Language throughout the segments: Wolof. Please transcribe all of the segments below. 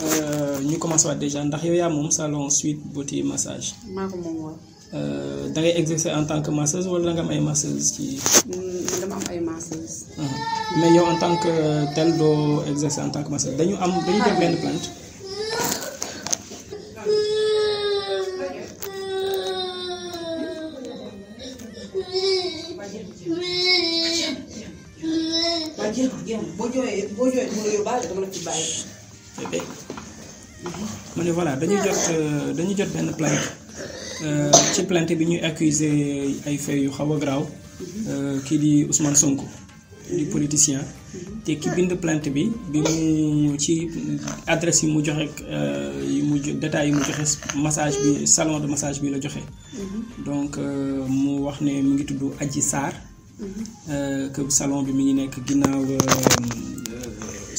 Euh, ñu commencé waat déjà ndax yow yaa moom salon suite beauté massage. maa ko moom waaw. Euh, da ngay en tant que masseuse wala da nga am ay masseuses ci. Mm, dama ay masseuses. Ah. mais yow en tant que euh, tel doo exercer en tant que masseuse dañu am dañu def benn plainte. bébé mu voilà dañu jot euh, dañu jot benn plainte euh, ci plainte bi ñuy accuser ay faits yu xaw a graaw euh, kii di Ousmane Sonko di politicien te ki bind plainte bi bi mu ci adresse yi mu joxe yi mu détails yi mu joxe massage bi salon de massage bi la joxe donc mu wax ne mu ngi tudd Adji Sarr mhm. que salon bi mi ngi nekk ginnaaw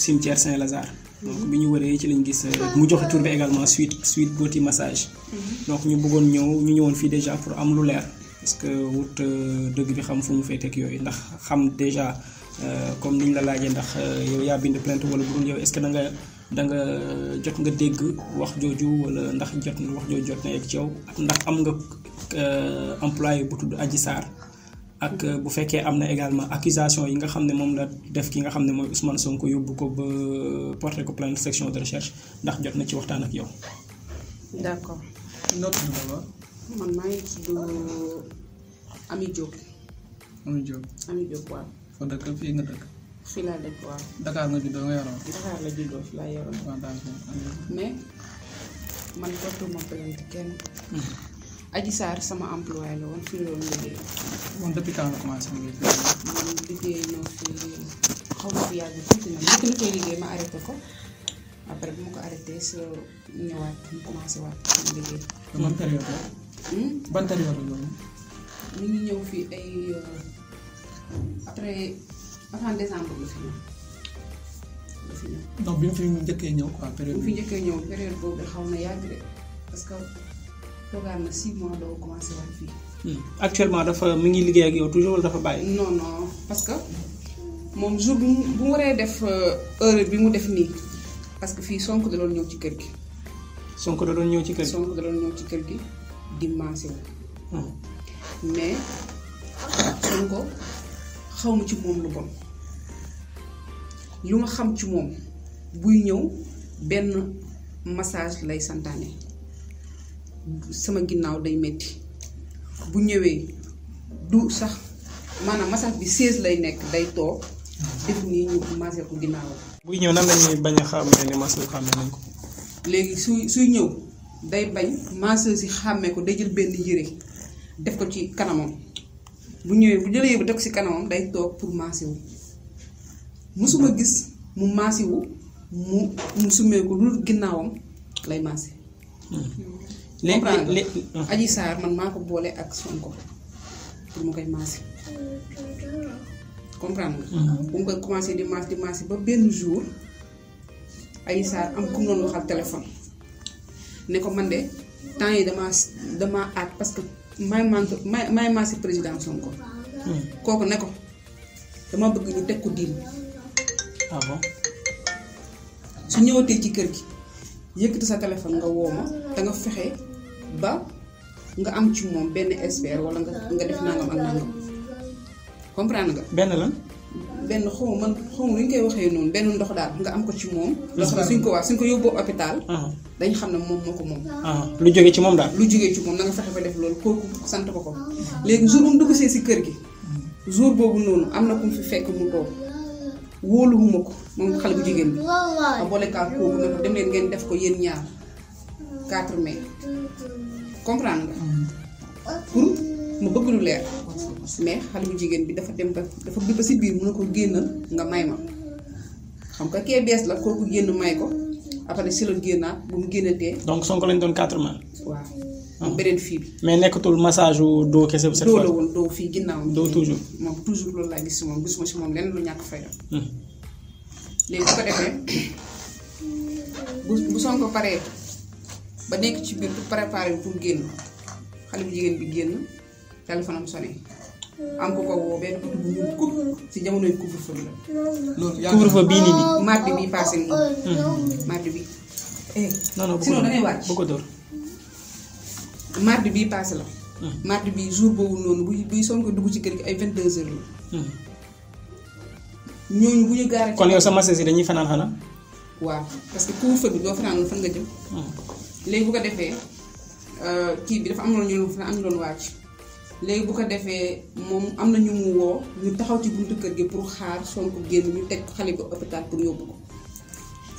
cimetière Saint-Lazare donc bi ñu waree ci lañ gis euh, mu joxe tur bi également Sweet Sweet Beauty Massage. donc ñu bëggoon ñëw ñu ñëwoon fii déjà pour am lu leer parce que wut euh, dëgg bi xam fu mu féeteeg yooyu ndax xam déjà euh, comme niñ la laajee ndax yow yaa bind plainte wala bu dul yow est-ce que da nga da nga jot nga dégg wax jooju wala ndax jot na wax jooju jot na yegg ci yow ndax am nga employé bu tudd Adji Sarr. ak euh, bu fekkee am na également accusation yi nga xam ne moom la def ki nga xam ne mooy Ousmane Sonko yóbbu ko ba euh, porté ko plainte section de recherche ndax jot na ci waxtaan ak yow. d' accord. man maa ngi euh, nga dëkk. nga juddoo nga la juddoo fi laa yaroo. mais man portuma plainte kenn. Hmm. Adji Sarr sama employé la woon fii loolu liggéey. moom depuis quand la commencé liggéey. xaw ma fi yàgg tuuti na nekk ko après bu ma ko arrêté so ñëwaat mu commencé waat sama liggéey. ban période la. Hmm? ban période la loolu. fii ay euh, après avant décembre la fi bi mu fi njëkkee ñëw ko période. bi njëkkee ñëw période boobu xaw na yàgg de parce que. programme na moom mois doo commencé waat fii. Hmm. actuellement dafa mi ngi liggéey ak yow toujours wala dafa bàyyi. non non parce que moom jour bu mu waree def euh, heure bi mu def nii parce que fii Sonko da doon ñëw ci kër gi. sonk da doon ñëw ci kër gi Sonko da ci kër gi dimanche la. Hmm. mais Sonko xaw ma ci moom lu bon lu ma xam ci moom buy ñëw benn massage lay santaane. sama ginnaaw day metti bu ñëwee du sax maanaam massage bi seize lay nekk day toog def nii ñu massé ko ginnaaw buy ñëw nan lañuy bañ a xàmmee ne masseuse xàmmee nañ ko léegi suy suy ñëw day bañ masseuse si xàmmee ko day jël benn yére def ko ci kanamam bu ñëwee bu jëlee yére def ko ci kanamam day toog pour massé wu musuma gis mu massé mu mu sumee ko lu ginnaawam lay massé hmm. léegi Adji Sarr man maa ko boole ak Sonko pour mu koy maasi comprendre nga. bu mhm. mu koy commencé di maas di maas ba benn jour Adji Sarr am ku mu waxal téléphone ne ko man de temps yi damaa aat parce que may mante may président Sonko. Hmm. kooku ne ko dama bëgg ñu teg ko diin. ah su ñëwatee ci kër gi yëkkati sa téléphone nga woo ma da fexe. ba nga am ci moom benn expert wala nga nga def nangam ak nangam comprendre nga. benn lan. benn xaw man xaw ma nu ñu koy waxee noonu benn ndox daal nga am ko ci moom. ndox daal suñ ko waa suñ ko yóbboo hôpital. Ah. dañ xam ne moom moo ko moom. Ah. lu jógee ci moom daal. lu jógee ci moom na sax fexe ba def loolu kooku sant ko ko léegi jour bu mu see si kër gi. jour boobu noonu am na ku fi fekk mu toog wóoluwuma ko moom xale bu jigéen bi. waaw boolekaag kooku nag dem leen ngeen def ko yéen ñaar 4 mai. comprendre nga. Mm. pour mu bëgg lu leer. mais xale bu jigéen bi dafa dem ba dafa bi ba si biir mun a ko génnal nga may ma xam nga kee bees la kooku génn may ko après si la génnaat bu mu génnatee. donc Sonko lañ doon quatre mois. waaw moom ah. beneen fii bi. mais nekkatul massage wu doo kese bu. cette fois doo la woon doo fii ginnaaw. doo toujours moom toujours loolu laa gis si moom gisuma si moom lenn lu ñàkk fayda. Hmm. léegi bu defee bu bu paree. ba nekk ci biir pour préparer pour génn xale bu jigéen bi génn téléphone am sonné am ko ko woo benn bi la. loolu yàlla couvre ko dóor. bii passé la. Hmm. mardi bii jour boobu noonu buy buy dugg ci kër gi ay 22h la. Hmm. ñooñu bu ñu gaaree. kon yow sa marché dañuy fanaan xanaa. waaw parce que couvre-feu doo fanaan fan nga jëm. Hmm. léegi bu ko defee euh, kii bi dafa am na ñu lu fa am doon léegi bu ko defee moom am na ñu mu woo ñu taxaw ci buntu kër gi pour xaar Sonko génn ñu teg xale bi hôpital pour yóbbu ko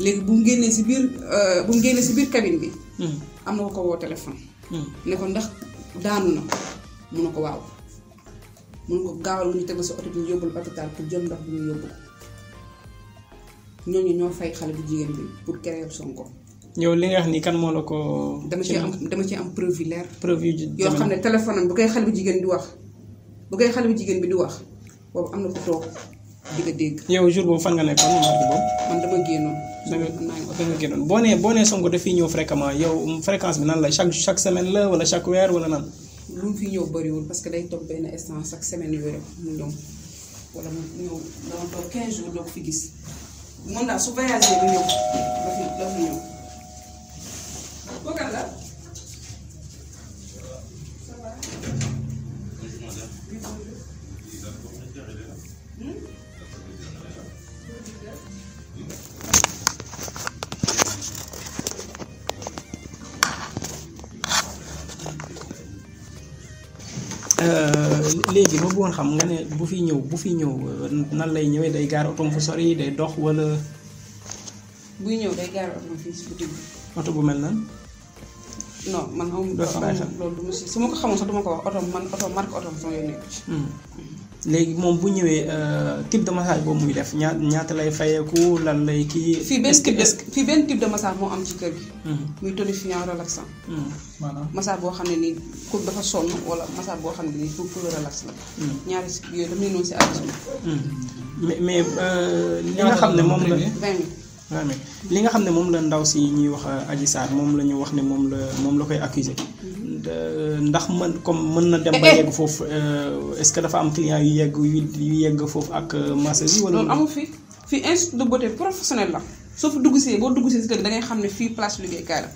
léegi bu mu génnee si biir euh, bu mu si biir cabine bi. Hmm. am na ko ko woo téléphone. Hmm. ne ko ndax daanu na mun na ko waaw mun nga ko gaawal lu ñu tegal sa oto bi ñu yóbbul hôpital pour jëm ndox bi ñu yóbbu ko ñooñu ñoo fay xale bi jigéen bi pour créer Sonko. yow li nga wax ni kan moo la ko. dama ci am dama ci am preuve yu leer. preuve yu xam ne téléphone bu koy xale bu jigéen di wax bu koy xale bu jigéen bi di wax boobu am na ko toog di nga dégg. yow jour boobu fan nga nekkoon man dama génn dama dama boo nee boo nee Sonko daf fiy ñëw fréquemment yow fréquence bi nan la chaque chaque semaine la wala chaque weer wala nan. lu mu fi ñëw bariwul parce que day toog benn instant chaque semaine yooyu rek mu ñëw wala mu ñëw dama toog 15 jours ko fi gis mën naa su léegi ma bëggoon xam nga ne bu fi ñëw bu fi ñëw euh, nan lay ñëwee day gaar otom fu sori day dox wala. buy ñëw day gaar otom fii si boutique oto bu mel nan. non man xamuma loolu du ma si su ma ko xamoon sax du ko wax otom man otom marque otom sama yoon nekk ci. Hmm. Hmm. léegi moom bu ñëwee euh, type de massage boobu muy def ñaata ñaata lay fayeeku lan lay kii. fii benn type de fii benn type de massage moo am ci kër gi. Hmm. muy tonifiant relaxant. Hmm. maanaam massage boo xam ne nii ku dafa sonn wala massage boo xam ne nii pour pour la. Hmm. ñaari si yooyu dafa ñëw si addition. mais mais euh, li nga xam ne moom la. li nga xam ne moom la ndaw si ñuy wax euh, Adji Sarr moom la ñu wax ne moom la moom la koy accuser ndax man comme mën na dem ba eh, eh. yegg foofu euh, est-ce que dafa am client yu yegg yu yegg foofu ak euh, masseuse yi wala loolu amul fii fii institut de beauté professionnel la soo fi dugg see boo dugg see si kër da ngay xam ne fii place liggéeykaay la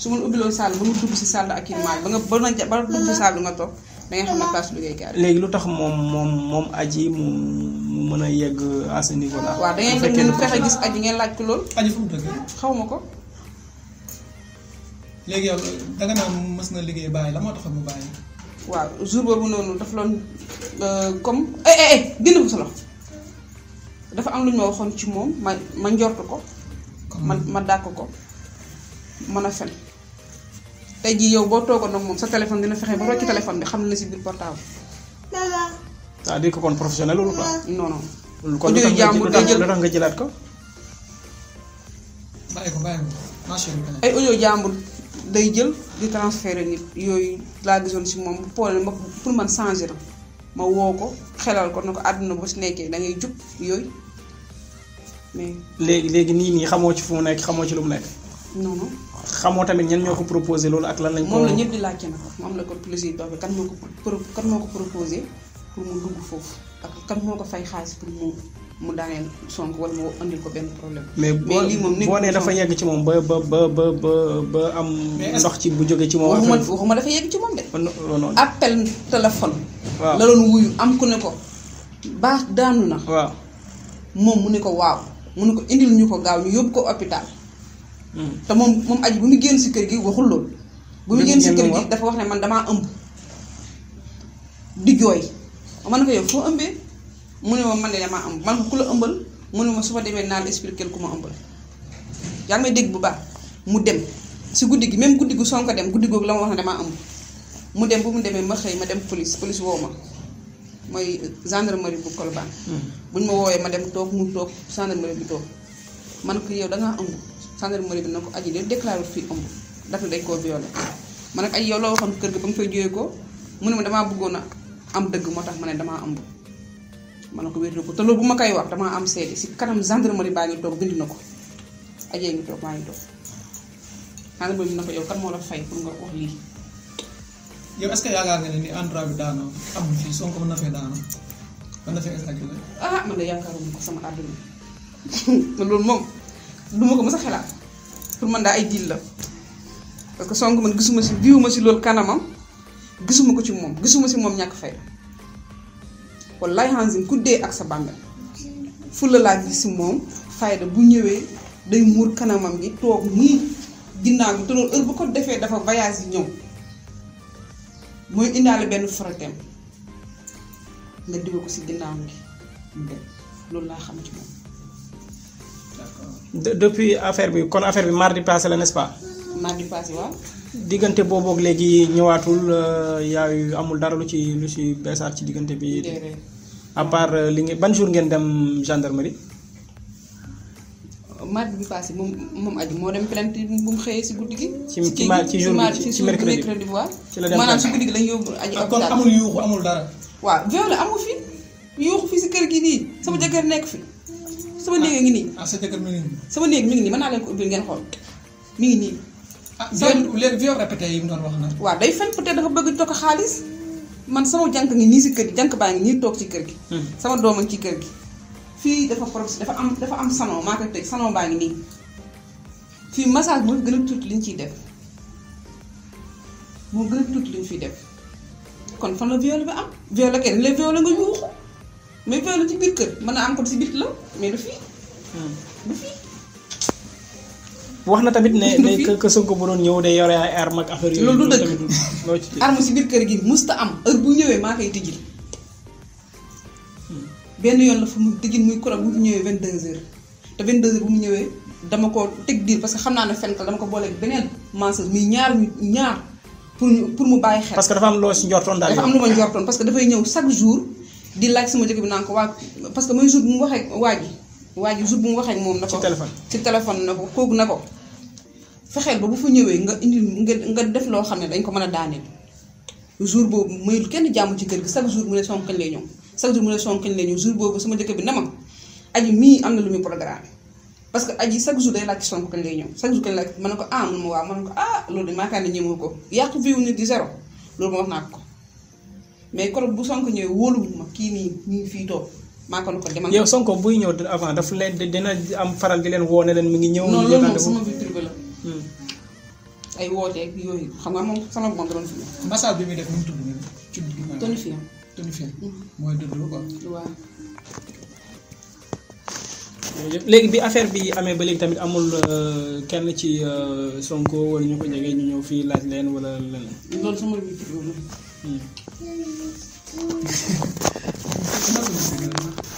su ma ubbiloon salle ba mu dugg si salle ak climat ba nga ba nga ba dugg si salle nga toog da xam ne place liggéeykaay la. léegi lu tax moom moom moom aji mu mu mën a yegg à ce niveau là. bu fekkee waaw da ngay gis aji ngeen laaj ko loolu. aji xaw ma ko. léegi yow danga naan mës na liggéey bàyyi la moo tax mu bàyyi. waaw jour boobu noonu dafa loon euh, comme eh eh, eh solo dafa am lu ñu ma waxoon ci moom ma ma njort ko. ma ma dàq ko mën a fen. tey jii yow boo toogoon ak moom sa téléphone dina fexe ba rocc téléphone bi xam na si biir portable. c'est-à-dire que kon professionnel loolu quoi. non non. loolu kon lu tax nga jëlaat ko. bàyyi ko bàyyi ko ay day jël di transférer nit yooyu laa gisoon si moom bu poolee ma pour man changer la ma woo ko xelal ko na ko àdduna boo si nekkee da ngay jub yooyu mais. léegi léegi nii nii xamoo ci fu nekk xamoo ci lu mu nekk. non non. xamoo tamit ñan ñoo ko proposé loolu ak lan lañ. moom la ñëpp di laajte nag moom la ko plaisir bi kan moo ko pro kan moo ko proposé pour mu dugg foofu ak kan moo ko fay xaalis pour mu. mu daaneel Sonko wala mu andil ko benn problème. mais lii moom boo nee dafa yegg ci moom ba ba ba ba ba am. ndox ci bu jóge ci moom. waxuma waxuma dafa yegg ci moom de. appel téléphone. waaw la loolu wuyu am ku ne ko. baax daanu na. moom mu ne ko waaw mu ne ko indil ñu ko gaaw ñu yóbbu ko hôpital. Hmm. te moom moom aji bu mu génn si kër gi waxul loolu. bu mu génn si kër gi dafa wax ne man damaa ëmb. di jooy. man na ko yow foo ëmbee. mu ne ma man ne damaa am man ku la ëmbal mu ne ma su ma demee naa la expliquer ku ma ëmbal yaa ngi may dégg bu baax mu dem si guddi gi même guddi gu Sonko dem guddi googu la wax ne damaa ëmb mu dem bu mu demee ma xëy ma dem police police woo ma mooy gendarmerie bu Colobane. Hmm. buñ ma woowee ma dem toog mu toog gendarmerie bi toog man ko yow da ngaa ëmb gendarmerie bi na ko aji de déclaré fii ëmb daf dañ koo violé man nag ay yow loo waxoon kër ga ba mu fay jógee ko mu ne ma damaa bëggoon a am dëgg moo tax ma ne damaa ëmb. ma ne ko wér na ko te loolu bu ma koy wax damaa am seede si kanam gendarmerie baa ngi toog bind na ko ajee ngi toog maa toog gendarmerie bi na ko yow kan moo la fay pour nga wax lii. yow est-ce que na fee ah, ko sama àdduna man loolu moom ma ko mës a xelaat pour man daa ay diil la parce que sonk man gisuma si biiwuma si loolu kanamam gisuma ko ci moom gisuma si moom ñàkk fay. wallaay hansim ku dee ak sa bàmmeel fulla laa gis si moom fayda bu ñëwee day muur kanamam gi toog nii ginnaaw bi te loolu heure bu ko defee dafa voyage yi ñëw mooy indaale benn forotem nga diwa ko si ginnaaw gi loolu laa xam ci moom. d'accord depuis affaire bi kon affaire bi mardi passé la n'est-ce pas. màgg passé waaw. diggante boobu léegi ñëwaatul euh, yaayu amul dara lu ci lu ci beesaat ci diggante bi. à part euh, li ngeen ban jour ngeen dem gendarmerie. mardi bi passé moom moom aji moo dem plainte bu mu xëyee si guddi gi. ci ci ci jour ci ci mercredi ci la dem maanaam si guddi gi lañu yóbbu aji ah, amul yuuxu amul dara. waaw viol amul fi yuuxu fi si kër gi nii sama hmm. jëkkër nekk fi. sama ah, néeg ngi nii. ah sa jëkkër mi ngi nii. sama néeg mi ngi nii mën naa leen ko ubbil ngeen xool mi ngi ah les vieux répétés yi mu doon wax na waa day fen peut-être dafa bëgg tokk xaalis man sama jànk ngi nii si kër gi jànk baa ngi nii toog ci kër gi hmm. sama doom a ci kër gi fii dafa proxy dafa am dafa am salon maa koy tëj salon baa ngi nii fii massage moo gën a tuuti li ñu ciy def moo gën a tuuti li ñu fiy def kon fan la viol bi am viol la kenn la viol la nga yuuxu mais viol ci biir kër mën na am ko ci bit la mais du fii hmm. du fii wax na tamit ne day que Sonko bu doon ñëw day yore ay arme ak affaire yooyu. loolu tamit loo ci si biir kër gi musta am heure bu ñëwee maa koy tëjil. benn yoon la fa mu tëjil muy kuréel bu mu ñëwee 22h te 22h bu mu ñëwee dama ko teg diir parce que xam naa ne fenn dama ko booleeg beneen mensonge muy ñaar ñaar pour pour mu bàyyi xel. parce que dafa am loo si njortoon daal dafa am lu ma njortoon parce que dafay ñëw chaque jour di laaj sama jëkkër bi naan ko parce que mooy jour bu waxee waa waa ji jour waxee moom na ko ci téléphone téléphone na ko kooku fexeel ba bu fa ñëwee nga indi nga nga def loo xam ne dañ ko mën a daaneel jour boobu mayul kenn jàmm ci kër gi chaque jour mu ne sonkañ lay ñëw chaque jour mu ne sonkañ lay ñëw jour boobu sama muy programme parce que aji chaque jour sonk kañ lay ñëw chaque jour kañ laaj mën na ko ah, ko ah loolu de maakaar ne ko yàq vie wu nit di wax naa ko mais koro bu sonk ñëwee wóoluwu kii nii ñu fii toog maa ko ko demal yow sonko buy ñëw avant daf leen dina am faral di leen woo leen mu ngi ñëw non loolu moom sama vie privée la Hmm. ay wooteeg yooyu xam nga moom sama moom doon fi. massage bi muy def nu mu tudd nii ci biir. tonifiant hmm. léegi bi affaire bi amee ba léegi tamit amul euh, kenn ci euh, Sonko wala ñu ko jege ñu ñëw fii laaj leen wala leneen. loolu sama hmm. bi ci loolu.